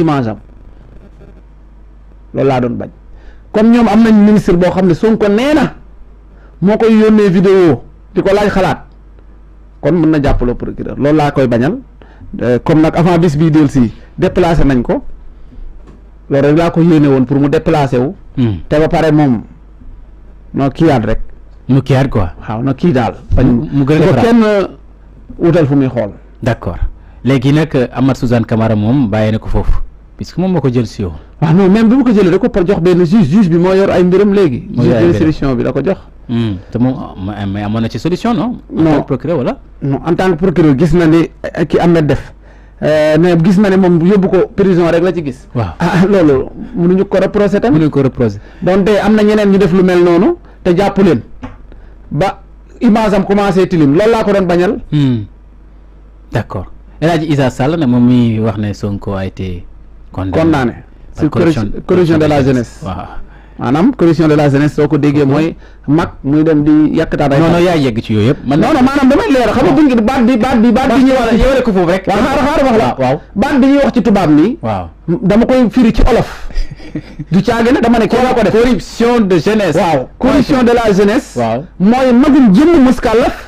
image am loolu laa doon bañ kon ñoom am nañ ministre boo xam ne soo Sonko nee na moo koy yónnee vidéo di ko laaj xalaat kon mën na jàppaloo procureur loolu laa koy bañal euh, comme nag avant bis bii del si déplacé nañ ko loolu rek laa ko yónnee woon pour mu déplacé wu. Hmm. te ba pare moom noo kiiyaat rek. mu kiiyaat quoi. waaw na kii daal. bañ mu gën a ko kenn euh, wutal fu muy xool. d'accord léegi nag euh, Amath Suzanne Camara moom bàyyi na ko foofu. puisque ko jël si non même bi vous ko le recours par juge juge bi yor ay solution la ko jox. Hmm, te mais solution non. non en tant que procureur wala. non en tant que procureur gis na ni eh, ki Ahmed def eh, mais gis na ne moom yóbbu ko prison rek la ci gis. Donc, ah, ah, ko ko donc ñeneen ñu def lu mel leen ba image am commencé tilim ko bañal. Hmm. D'accord. Sonko a été. kon sur corruption de la jeunesse waaw corruption de la jeunesse soo ko déggee mooy mag muy dem di yàqtaat ay yegg ci yooyu yëpp non damay leer xam nga buñ ko baat bi baat bi baat bi ñuy wax yow ko foofu rek waaw xaaral xaaral wax la waaw baat bi ñuy ci tubaab nii dama koy firi ci olof du caage ne dama ne koo ko def corruption de jeunesse waaw corruption de la jeunesse waaw mooy magum jëmm muskalaf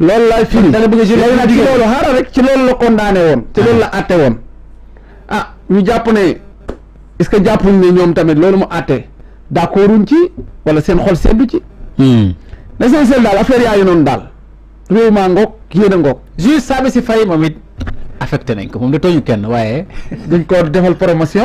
loolu laay firi da nga bëgg ci loolu xaaral rek ci loolu la condamné woon ci loolu la atte woon ah ñu jàpp ne est-ce que jàppuñ ne ñoom tamit loolu mu atte d'accorduñ ci wala seen xol seddu ci hmm. l'essentiel daal affaire yaayu noonu daal réew maa ngoog yéen a ngoog juste si fay moom it affecté nañ ko moom da tooñu kenn waaye duñ ko defal promotion